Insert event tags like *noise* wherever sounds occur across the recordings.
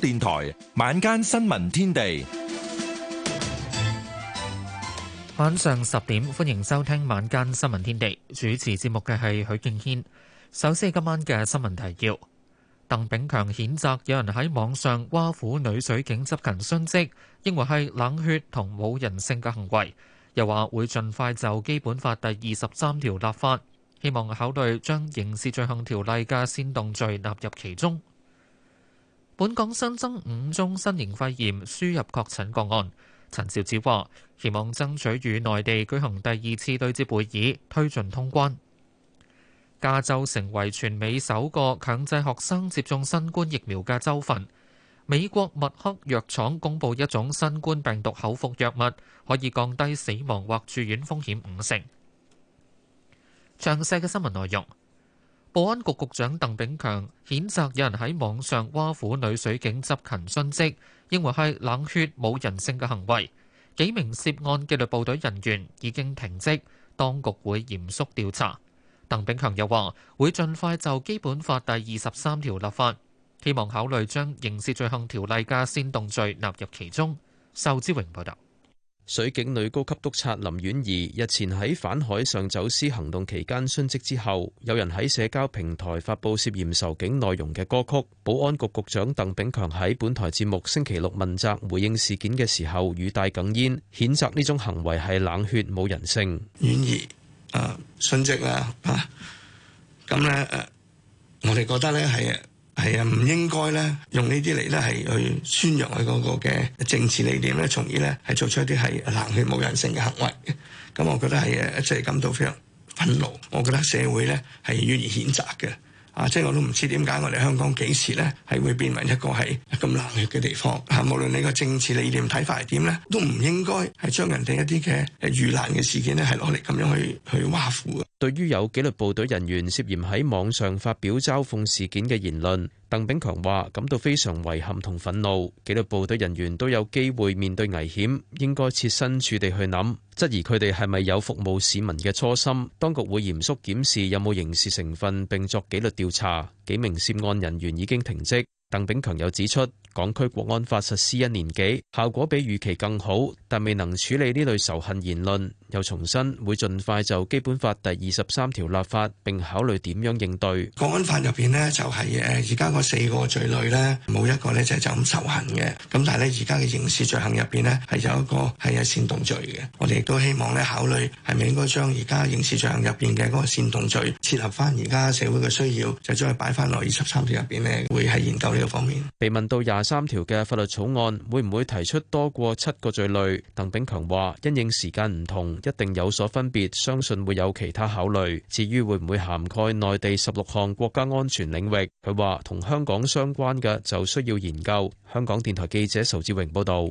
電台晚間新聞天地，晚上十點，歡迎收聽晚間新聞天地。主持節目嘅係許敬軒。首先係今晚嘅新聞提要：鄧炳強譴責有人喺網上挖苦女水警執勤殉職，認為係冷血同冇人性嘅行為，又話會盡快就《基本法》第二十三條立法，希望考慮將刑事罪行條例嘅煽動罪納入其中。本港新增五宗新型肺炎輸入確診個案，陳肇始話希望爭取與內地舉行第二次對接會議，推進通關。加州成為全美首個強制學生接種新冠疫苗嘅州份。美國默克藥廠公佈一種新冠病毒口服藥物，可以降低死亡或住院風險五成。詳細嘅新聞內容。保安局局長鄧炳強譴責有人喺網上挖苦女水警執勤殉職，認為係冷血冇人性嘅行為。幾名涉案紀律部隊人員已經停職，當局會嚴肅調查。鄧炳強又話會盡快就《基本法》第二十三條立法，希望考慮將刑事罪行條例嘅煽動罪納入其中。仇志榮報道。水警女高級督察林婉儀日前喺反海上走私行動期間殉職之後，有人喺社交平台發佈涉嫌辱警內容嘅歌曲。保安局局長鄧炳強喺本台節目星期六問責回應事件嘅時候語帶哽咽，譴責呢種行為係冷血冇人性。婉儀啊殉職啦啊，咁咧、啊啊啊、我哋覺得呢係。係啊，唔應該咧，用這些來呢啲嚟咧係去宣揚佢嗰個嘅政治理念咧，從而咧係做出一啲係冷血冇人性嘅行為。咁、嗯、我覺得係一直感到非常憤怒。我覺得社會咧係願意譴責嘅。啊！即係我都唔知點解我哋香港幾時呢係會變為一個係咁冷血嘅地方嚇，無論你個政治理念睇法係點呢，都唔應該係將人哋一啲嘅遇難嘅事件呢係攞嚟噉樣去去挖苦啊！對於有紀律部隊人員涉嫌喺網上發表嘲諷事件嘅言論。鄧炳強話感到非常遺憾同憤怒，紀律部隊人員都有機會面對危險，應該設身處地去諗，質疑佢哋係咪有服務市民嘅初心。當局會嚴肅檢視有冇刑事成分，並作紀律調查。幾名涉案人員已經停職。鄧炳強又指出，港區國安法實施一年幾，效果比預期更好，但未能處理呢類仇恨言論。又重申會盡快就《基本法》第二十三條立法，並考慮點樣應對《國安法》入邊呢，就係誒而家嗰四個罪類呢，冇一個呢就係就咁受刑嘅。咁但係咧，而家嘅刑事罪行入邊呢，係有一個係有煽動罪嘅。我哋亦都希望咧，考慮係咪應該將而家刑事罪行入邊嘅嗰個煽動罪，切合翻而家社會嘅需要，就將佢擺翻落二十三條入邊呢，會係研究呢個方面。被問到廿三條嘅法律草案會唔會提出多過七個罪類，鄧炳強話因應時間唔同。一定有所分別，相信會有其他考慮。至於會唔會涵蓋內地十六項國家安全領域，佢話同香港相關嘅就需要研究。香港電台記者仇志榮報導。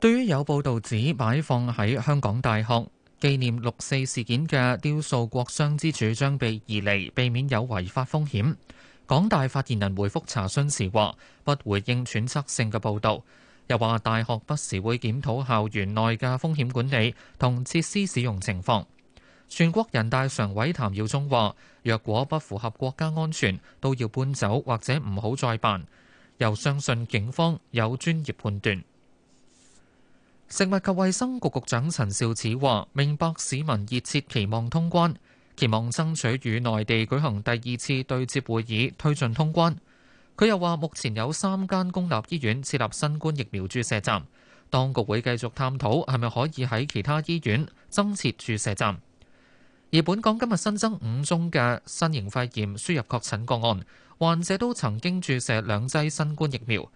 對於有報道指擺放喺香港大學紀念六四事件嘅雕塑國殤之柱將被移離，避免有違法風險，港大發言人回覆查詢時話：不回應揣測性嘅報導。又話大學不時會檢討校園內嘅風險管理同設施使用情況。全國人大常委譚耀宗話：若果不符合國家安全，都要搬走或者唔好再辦。又相信警方有專業判斷。食物及衛生局局長陳肇始話：明白市民熱切期望通關，期望爭取與內地舉行第二次對接會議，推進通關。佢又話：目前有三間公立醫院設立新冠疫苗注射站，當局會繼續探討係咪可以喺其他醫院增設注射站。而本港今日新增五宗嘅新型肺炎輸入確診個案，患者都曾經注射兩劑新冠疫苗，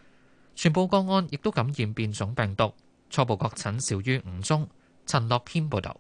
全部個案亦都感染變種病毒，初步確診少於五宗。陳樂謙報導。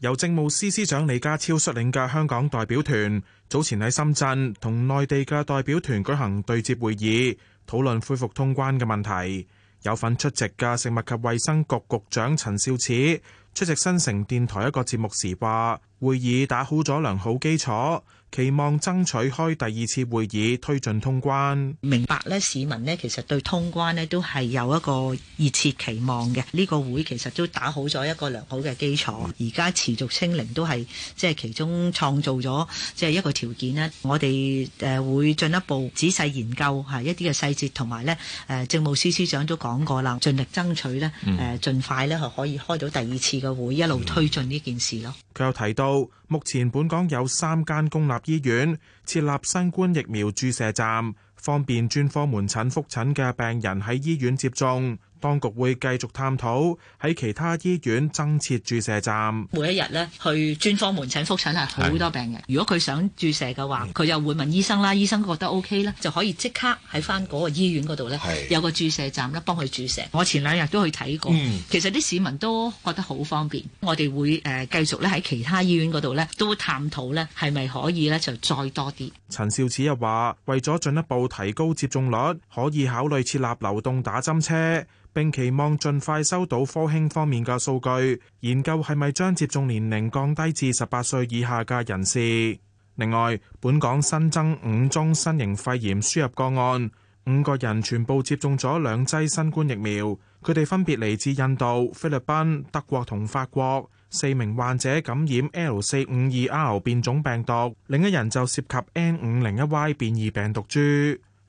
由政務司司長李家超率領嘅香港代表團，早前喺深圳同內地嘅代表團舉行對接會議，討論恢復通關嘅問題。有份出席嘅食物及衛生局局長陳肇始出席新城電台一個節目時話，會議打好咗良好基礎，期望爭取開第二次會議，推進通關。明白咧，市民咧，其實對通關咧都係有一個熱切期望嘅。呢、這個會其實都打好咗一個良好嘅基礎，而家持續清零都係即係其中創造咗即係一個條件咧。我哋誒會進一步仔細研究吓一啲嘅細節，同埋咧誒政務司司長都講過啦，盡力爭取咧誒盡快咧可以開到第二次嘅會，一路推進呢件事咯。佢又、嗯嗯、提到。目前本港有三間公立醫院設立新冠疫苗注射站，方便專科門診復診嘅病人喺醫院接種。當局會繼續探討喺其他醫院增設注射站。每一日咧去專科門診覆診係好多病人。是如果佢想注射嘅話，佢又會問醫生啦，醫生覺得 O K 啦，就可以即刻喺翻嗰個醫院嗰度呢，是有個注射站咧幫佢注射。是我前兩日都去睇過，嗯、其實啲市民都覺得好方便。我哋會誒繼續咧喺其他醫院嗰度呢，都探討咧係咪可以呢，就再多啲。陳肇始又話，為咗進一步提高接種率，可以考慮設立流動打針車。並期望盡快收到科興方面嘅數據，研究係咪將接種年齡降低至十八歲以下嘅人士。另外，本港新增五宗新型肺炎輸入個案，五個人全部接種咗兩劑新冠疫苗，佢哋分別嚟自印度、菲律賓、德國同法國。四名患者感染 L 四五二 R 變種病毒，另一人就涉及 N 五零一 Y 變異病毒株。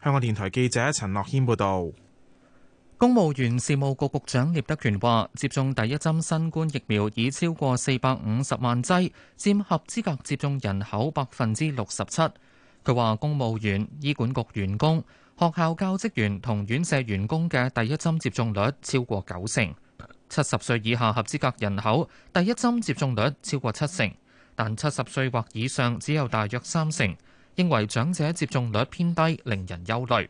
香港電台記者陳樂軒報導。公務員事務局局長聶德權話：接種第一針新冠疫苗已超過四百五十萬劑，佔合資格接種人口百分之六十七。佢話公務員、醫管局員工、學校教職員同院舍員工嘅第一針接種率超過九成，七十歲以下合資格人口第一針接種率超過七成，但七十歲或以上只有大約三成。認為長者接種率偏低，令人憂慮。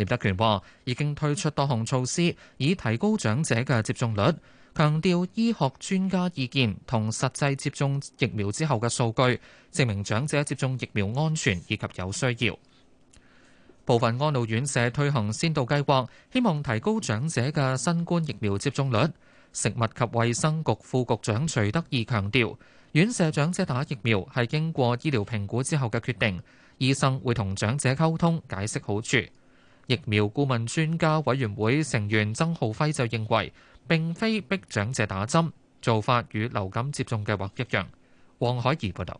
聶德權話，已經推出多項措施，以提高長者嘅接種率。強調醫學專家意見同實際接種疫苗之後嘅數據，證明長者接種疫苗安全以及有需要。部分安老院舍推行先導計劃，希望提高長者嘅新冠疫苗接種率。食物及衛生局副局長徐德義強調，院舍長者打疫苗係經過醫療評估之後嘅決定，醫生會同長者溝通解釋好處。疫苗顧問專家委員會成員曾浩輝就認為並非逼長者打針做法與流感接種計劃一樣，黃海怡報道。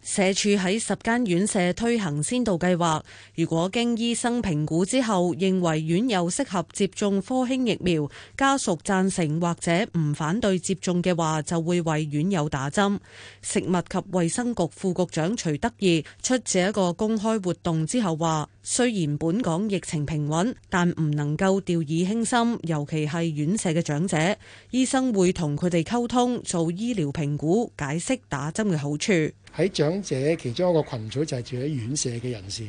社署喺十間院舍推行先導計劃，如果經醫生評估之後認為院友適合接種科興疫苗，家屬贊成或者唔反對接種嘅話，就會為院友打針。食物及衛生局副局長徐德義出席一個公開活動之後話。雖然本港疫情平穩，但唔能夠掉以輕心，尤其係院舍嘅長者。醫生會同佢哋溝通，做醫療評估，解釋打針嘅好處。喺長者其中一個群組就係住喺院舍嘅人士，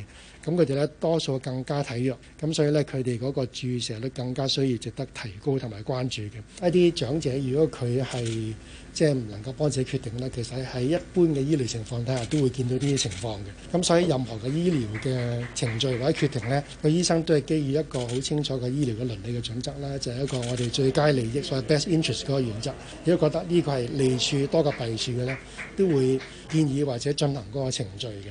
咁佢哋咧多數更加體弱，咁所以呢，佢哋嗰個注射率更加需要值得提高同埋關注嘅。一啲長者如果佢係即係唔能夠幫自己決定咧，其實喺一般嘅醫療情況底下，都會見到呢啲情況嘅。咁所以任何嘅醫療嘅程序或者決定，呢個醫生都係基於一個好清楚嘅醫療嘅倫理嘅準則啦，就係一個我哋最佳利益所謂 best interest 嗰個原則。如果覺得呢個係利處多過弊處嘅呢，都會建議或者進行嗰個程序嘅。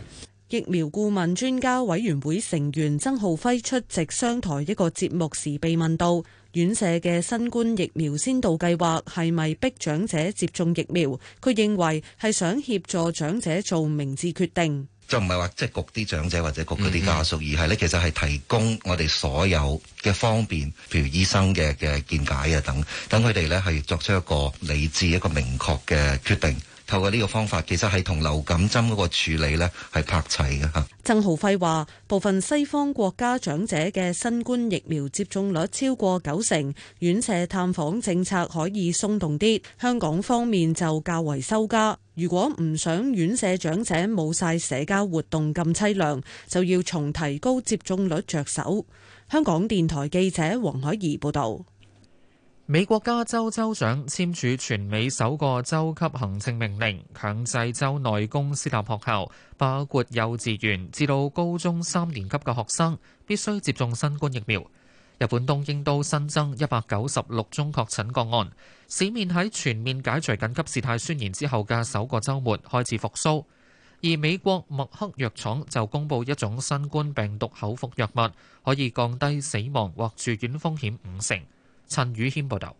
疫苗顧問專家委員會成員曾浩輝出席商台一個節目時被問到。院舍嘅新冠疫苗先導計劃係咪逼長者接種疫苗？佢認為係想協助長者做明智決定，就唔係話即係焗啲長者或者焗佢啲家屬，mm hmm. 而係咧其實係提供我哋所有嘅方便，譬如醫生嘅嘅見解啊等，等佢哋咧係作出一個理智一個明確嘅決定。透過呢個方法，其實係同流感針嗰個處理呢係拍齊嘅嚇。曾浩輝話：部分西方國家長者嘅新冠疫苗接種率超過九成，院舍探訪政策可以鬆動啲。香港方面就較為收加。如果唔想院舍長者冇晒社交活動咁凄涼，就要從提高接種率着手。香港電台記者黃海怡報導。美國加州州長簽署全美首個州級行政命令，強制州內公私立學校，包括幼稚園至到高中三年級嘅學生，必須接種新冠疫苗。日本東京都新增一百九十六宗確診個案，市面喺全面解除緊急事態宣言之後嘅首個周末開始復甦。而美國默克藥廠就公布一種新冠病毒口服藥物，可以降低死亡或住院風險五成。陳宇謙報道，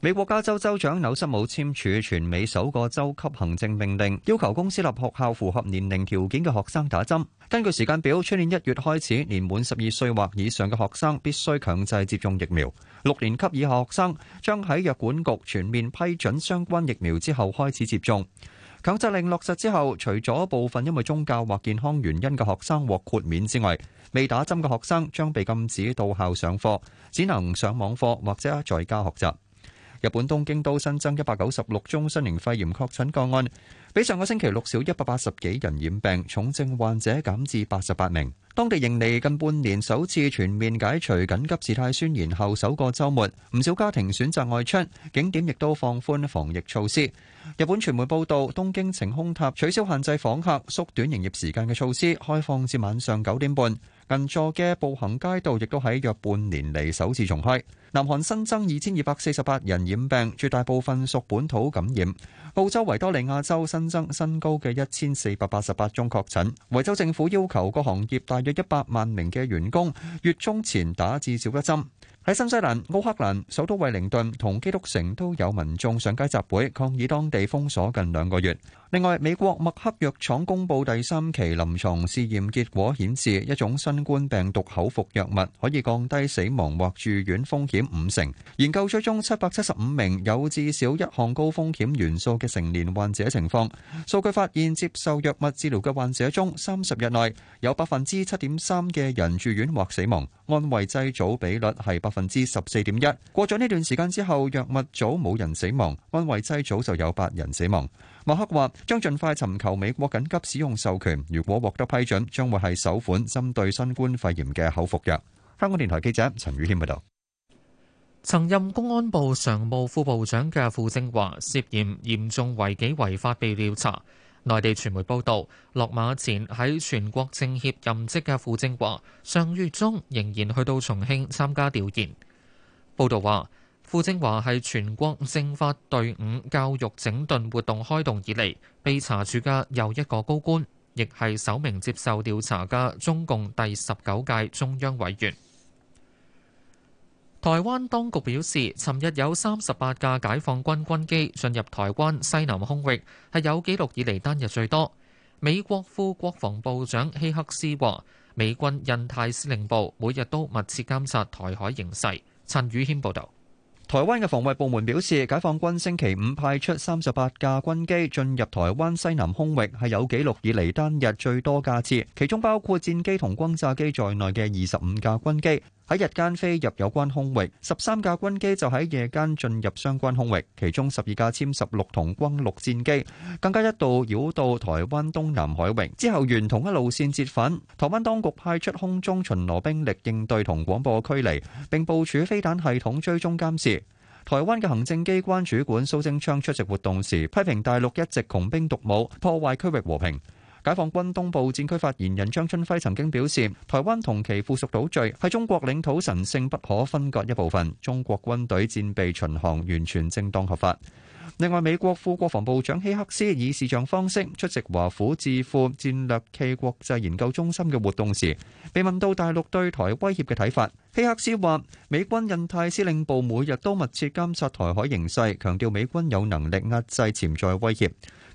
美國加州州長紐森姆簽署全美首個州級行政命令，要求公私立學校符合年齡條件嘅學生打針。根據時間表，出年一月開始，年滿十二歲或以上嘅學生必須強制接種疫苗。六年級以下學生將喺藥管局全面批准相關疫苗之後開始接種。強制令落實之後，除咗部分因為宗教或健康原因嘅學生獲豁免之外，未打針嘅學生將被禁止到校上課，只能上網課或者在家學習。日本東京都新增一百九十六宗新型肺炎確診個案，比上個星期六少一百八十幾人染病，重症患者減至八十八名。當地迎嚟近半年首次全面解除緊急事態宣言後首個週末，唔少家庭選擇外出，景點亦都放寬防疫措施。日本傳媒報道，東京晴空塔取消限制訪客縮短營業時間嘅措施，開放至晚上九點半。銀座嘅步行街道亦都喺約半年嚟，首次重開。南韓新增二千二百四十八人染病，絕大部分屬本土感染。澳洲維多利亞州新增新高嘅一千四百八十八宗確診，維州政府要求各行業大約一百萬名嘅員工月中前打至少一針。喺新西蘭、奧克蘭、首都惠靈頓同基督城都有民眾上街集會抗議當地封鎖近兩個月。另外，美國默克藥廠公布第三期臨床試驗結果顯示，一種新冠病毒口服藥物可以降低死亡或住院風險五成。研究追蹤七百七十五名有至少一項高風險元素嘅成年患者情況，數據發現接受藥物治療嘅患者中，三十日內有百分之七點三嘅人住院或死亡，安慰劑組比率係百分之十四點一。過咗呢段時間之後，藥物組冇人死亡，安慰劑組就有八人死亡。默克話將盡快尋求美國緊急使用授權，如果獲得批准，將會係首款針對新冠肺炎嘅口服藥。香港電台記者陳宇軒報導。曾任公安部常務副部長嘅傅政華涉嫌嚴重違紀違法被調查。內地傳媒報道，落馬前喺全國政協任職嘅傅政華，上月中仍然去到重慶參加調研。報道話。傅政華係全國政法隊伍教育整頓活動開動以嚟被查處嘅又一個高官，亦係首名接受調查嘅中共第十九屆中央委員。台灣當局表示，尋日有三十八架解放軍軍機進入台灣西南空域，係有紀錄以嚟單日最多。美國副國防部長希克斯話，美軍印太司令部每日都密切監察台海形勢。陳宇謙報道。台灣嘅防衛部門表示，解放軍星期五派出三十八架軍機進入台灣西南空域，係有記錄以嚟單日最多架次，其中包括戰機同轟炸機在內嘅二十五架軍機喺日間飛入有關空域，十三架軍機就喺夜間進入相關空域，其中十二架殲十六同轟六戰機，更加一度繞到台灣東南海域，之後沿同一路線折返。台灣當局派出空中巡邏兵力應對同廣播驅離，並部署飛彈系統追蹤監視。台灣嘅行政機關主管蘇貞昌出席活動時，批評大陸一直窮兵黷武，破壞區域和平。解放軍東部戰區發言人張春輝曾經表示，台灣同其附屬島嶼係中國領土神聖不可分割一部分，中國軍隊戰備巡航完全正當合法。另外，美國副國防部長希克斯以視像方式出席華府智庫戰略暨國際研究中心嘅活動時，被問到大陸對台威脅嘅睇法，希克斯話：美軍印太司令部每日都密切監察台海形勢，強調美軍有能力壓制潛在威脅。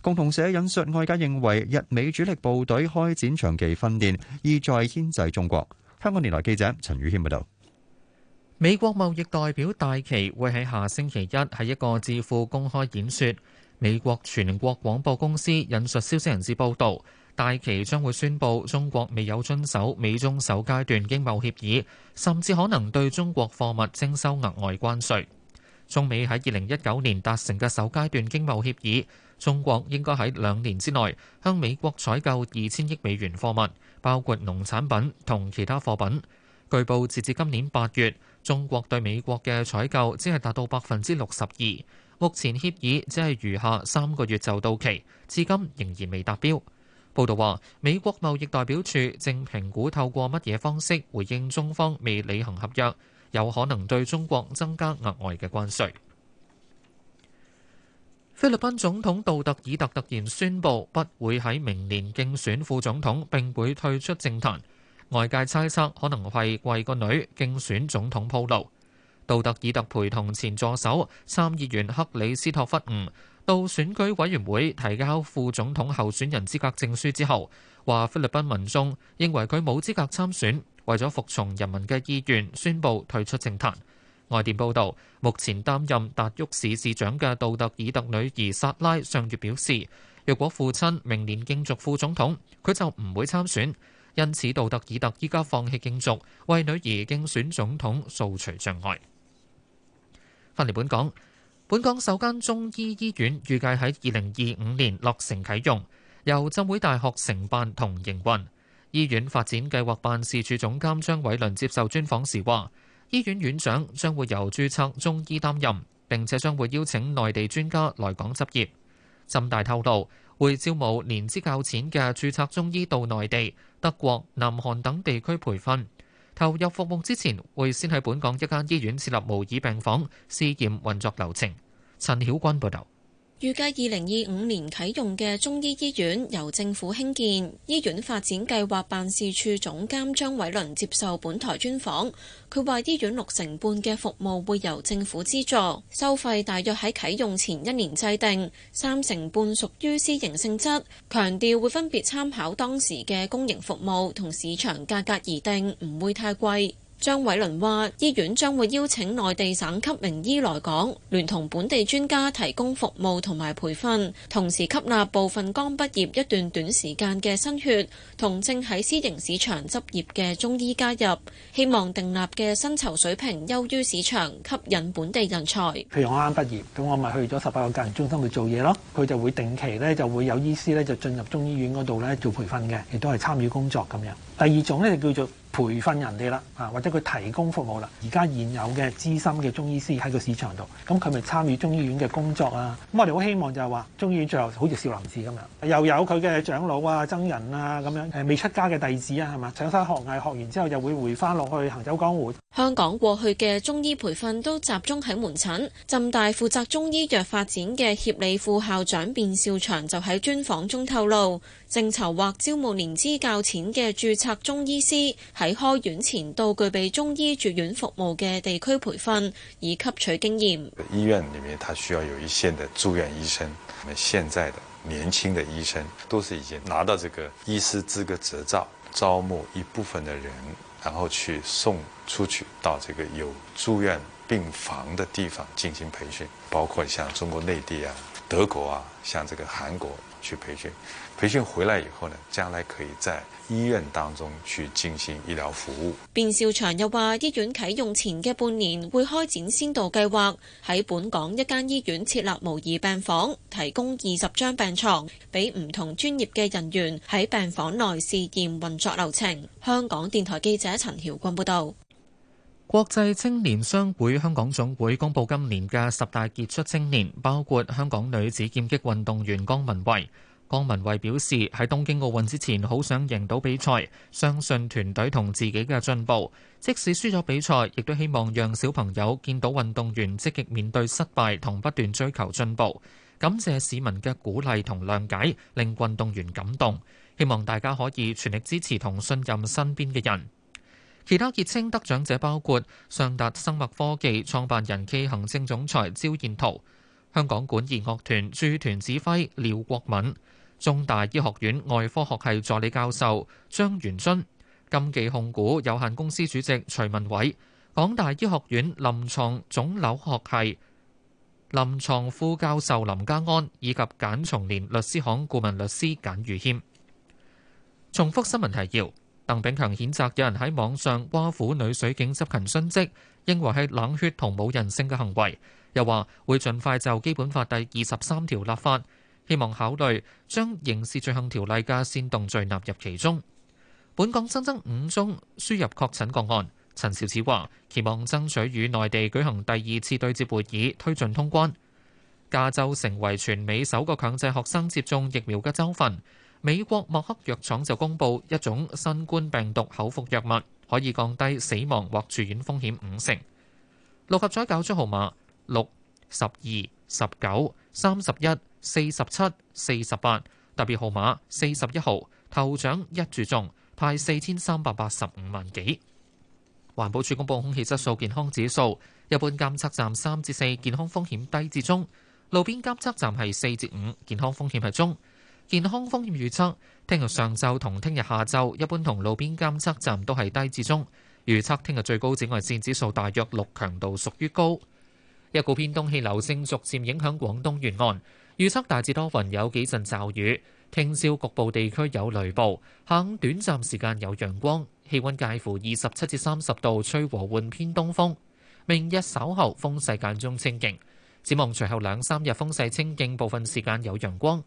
共同社引述外界認為，日美主力部隊開展長期訓練，意在牽制中國。香港電台記者陳宇軒報導。美國貿易代表戴琪會喺下星期一喺一個智庫公開演說。美國全國廣播公司引述消息人士報道，戴琪將會宣布中國未有遵守美中首階段經貿協議，甚至可能對中國貨物徵收額外關稅。中美喺二零一九年達成嘅首階段經貿協議，中國應該喺兩年之內向美國採購二千億美元貨物，包括農產品同其他貨品。據報截至今年八月，中國對美國嘅採購只係達到百分之六十二。目前協議只係餘下三個月就到期，至今仍然未達標。報導話，美國貿易代表處正評估透過乜嘢方式回應中方未履行合約，有可能對中國增加額外嘅關稅。菲律賓總統杜特爾特突然宣布不會喺明年競選副總統，並會退出政壇。外界猜測可能係為個女競選總統鋪路。杜特爾特陪同前助手參議員克里斯托弗吳到選舉委員會提交副總統候選人資格證書之後，話菲律賓民眾認為佢冇資格參選，為咗服從人民嘅意願，宣布退出政壇。外電報道，目前擔任達沃市市長嘅杜特爾特女兒薩拉上月表示，若果父親明年競逐副總統，佢就唔會參選。因此，杜特爾特依家放棄競逐，為女兒競選總統掃除障礙。翻嚟本港，本港首間中醫醫院預計喺二零二五年落成啟用，由浸會大學承辦同營運。醫院發展計劃辦事處總監張偉倫接受專訪時話。醫院院長將會由註冊中醫擔任，並且將會邀請內地專家來港執業。浸大透露會招募年資較淺嘅註冊中醫到內地、德國、南韓等地區培訓，投入服務之前會先喺本港一間醫院設立模擬病房試驗運作流程。陳曉君報導。預計二零二五年啟用嘅中醫醫院由政府興建，醫院發展計劃辦事處總監張偉倫接受本台專訪。佢話，醫院六成半嘅服務會由政府資助，收費大約喺啟用前一年制定，三成半屬於私營性質。強調會分別參考當時嘅公營服務同市場價格而定，唔會太貴。張偉倫話：醫院將會邀請內地省級名醫來港，聯同本地專家提供服務同埋培訓，同時吸納部分剛畢業一段短時間嘅新血，同正喺私營市場執業嘅中醫加入。希望訂立嘅薪酬水平優於市場，吸引本地人才。譬如我啱畢業，咁我咪去咗十八個教研中心去做嘢咯。佢就會定期呢，就會有醫師呢，就進入中醫院嗰度呢，做培訓嘅，亦都係參與工作咁樣。第二種呢，就叫做。培訓人哋啦，啊或者佢提供服務啦。而家現有嘅資深嘅中醫師喺個市場度，咁佢咪參與中醫院嘅工作啊？咁我哋好希望就係話，中醫院最後好似少林寺咁樣，又有佢嘅長老啊、僧人啊咁樣，誒未出家嘅弟子啊係嘛，上山學藝，學完之後又會回翻落去行走江湖。香港過去嘅中醫培訓都集中喺門診，浸大負責中醫藥發展嘅協理副校長卞少祥就喺專訪中透露。正籌劃招募年資較淺嘅註冊中醫師喺開院前到具備中醫住院服務嘅地區培訓，以吸取經驗。醫院裡面，他需要有一線的住院醫生。我們現在的年輕的醫生都是已經拿到這個醫師資格執照，招募一部分的人，然後去送出去到這個有住院病房的地方進行培訓，包括像中國內地啊、德國啊、像這個韓國去培訓。培訓回來以後呢，將來可以在醫院當中去進行醫療服務。卞兆祥又話：醫院啟用前嘅半年會開展先導計劃，喺本港一間醫院設立模擬病房，提供二十張病床，俾唔同專業嘅人員喺病房內試驗運作流程。香港電台記者陳曉君報道。國際青年商會香港總會公布今年嘅十大傑出青年，包括香港女子劍擊運動員江文慧。方文蔚表示喺東京奧運之前好想贏到比賽，相信團隊同自己嘅進步。即使輸咗比賽，亦都希望讓小朋友見到運動員積極面對失敗同不斷追求進步。感謝市民嘅鼓勵同諒解，令運動員感動。希望大家可以全力支持同信任身邊嘅人。其他傑出得獎者包括尚達生物科技創辦人暨行政總裁焦彥圖、香港管弦樂團駐團指揮廖國敏。中大醫學院外科學系助理教授張元津、金記控股有限公司主席徐文偉、港大醫學院臨床腫瘤學系臨床副教授林家安以及簡松年律師行顧問律師簡如謙。重複新聞提要：鄧炳強譴責有人喺網上挖苦女水警執勤殉職，認為係冷血同冇人性嘅行為，又話會盡快就《基本法》第二十三條立法。希望考慮將刑事罪行條例嘅煽動罪納入其中。本港新增五宗輸入確診個案。陳肇始話：期望爭取與內地舉行第二次對接會議，推進通關。加州成為全美首個強制學生接種疫苗嘅州份。美國默克藥廠就公佈一種新冠病毒口服藥物，可以降低死亡或住院風險五成。六合彩攪出號碼六、十二、十九、三十一。6, 12, 19, 31, 四十七、四十八，特別號碼四十一號。頭獎一注中，派四千三百八十五萬幾。環保署公布空氣質素健康指數，一般監測站三至四，健康風險低至中，路邊監測站係四至五，健康風險係中。健康風險預測聽日上晝同聽日下晝一般同路邊監測站都係低至中。預測聽日最高紫外線指數大約六，強度屬於高。一股偏東氣流正逐漸影響廣東沿岸。預測大致多雲，有幾陣驟雨。聽朝局部地區有雷暴，下午短暫時間有陽光。氣温介乎二十七至三十度，吹和緩偏東風。明日稍後風勢間中清勁，展望隨後兩三日風勢清勁，部分時間有陽光。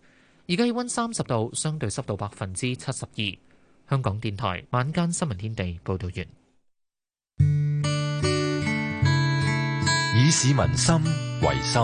而家氣溫三十度，相對濕度百分之七十二。香港電台晚間新聞天地報道員。以市民心為心。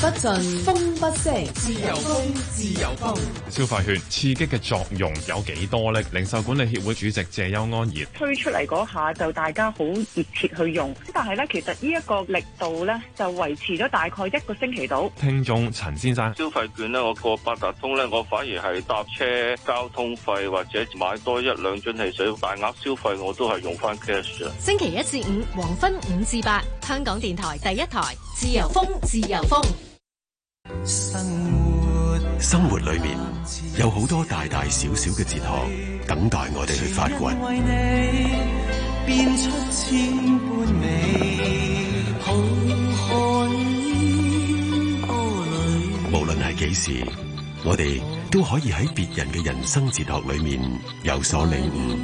不振，風不息，自由風，自由風。由風消費券刺激嘅作用有幾多呢？零售管理協會主席謝優安言，推出嚟嗰下就大家好熱切去用，但係咧其實呢一個力度咧就維持咗大概一個星期到。聽眾陳先生，消費券呢，我個八達通咧我反而係搭車交通費或者買多一兩樽汽水，大額消費我都係用翻 cash 啊。星期一至五黃昏五至八，香港電台第一台，自由風，自由風。生活裏面有好多大大小小嘅哲學，等待我哋去發掘。無論係幾時，我哋都可以喺別人嘅人生哲學裏面有所領悟。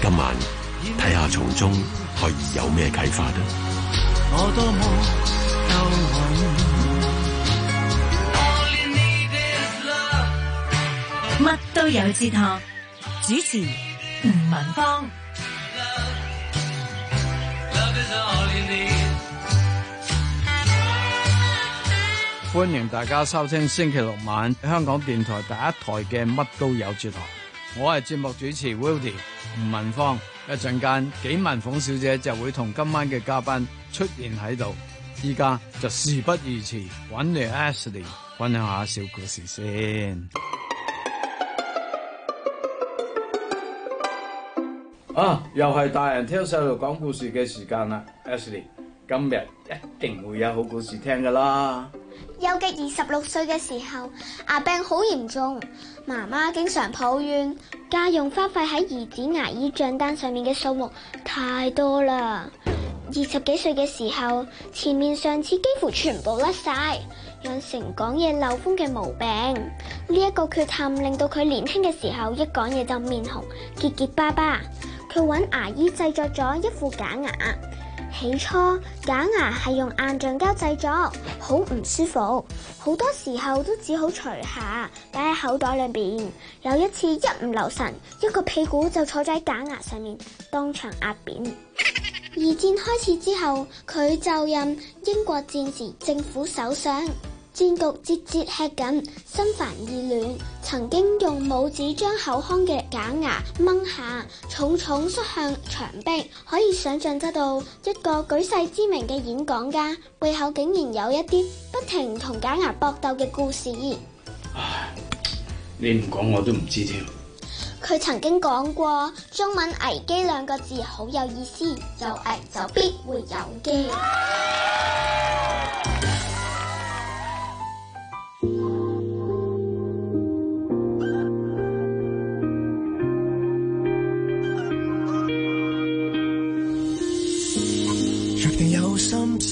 今晚。睇下從中可以有咩啟發咧？乜都有哲學主持吳文芳，歡迎大家收聽星、星期六晚香港電台第一台嘅乜都有哲學，我係節目主持 Willie 吳文芳。一陣間，幾萬馮小姐就會同今晚嘅嘉賓出現喺度。依家就事不宜遲，揾你 Ashley，分享下小故事先。啊，又係大人聽細路講故事嘅時間啦，Ashley，今日一定會有好故事聽㗎啦。有嘅二十六歲嘅時候，牙病好嚴重，媽媽經常抱怨家用花費喺兒子牙醫賬單上面嘅數目太多啦。二十幾歲嘅時候，前面上次幾乎全部甩晒，養成講嘢漏風嘅毛病。呢一個缺陷令到佢年輕嘅時候一講嘢就面紅，結結巴巴。佢揾牙醫製作咗一副假牙。起初，假牙係用硬橡膠製作，好唔舒服，好多時候都只好除下，擺喺口袋裏邊。有一次一唔留神，一個屁股就坐喺假牙上面，當場壓扁。二戰開始之後，佢就任英國戰時政府首相。戰局節節吃緊，心煩意亂。曾經用拇指將口腔嘅假牙掹下，重重縮向牆壁。可以想象得到，一個舉世知名嘅演講家，背後竟然有一啲不停同假牙搏鬥嘅故事。你唔講我都唔知添。佢曾經講過，中文危機兩個字好有意思，有危就必會有機。 *laughs*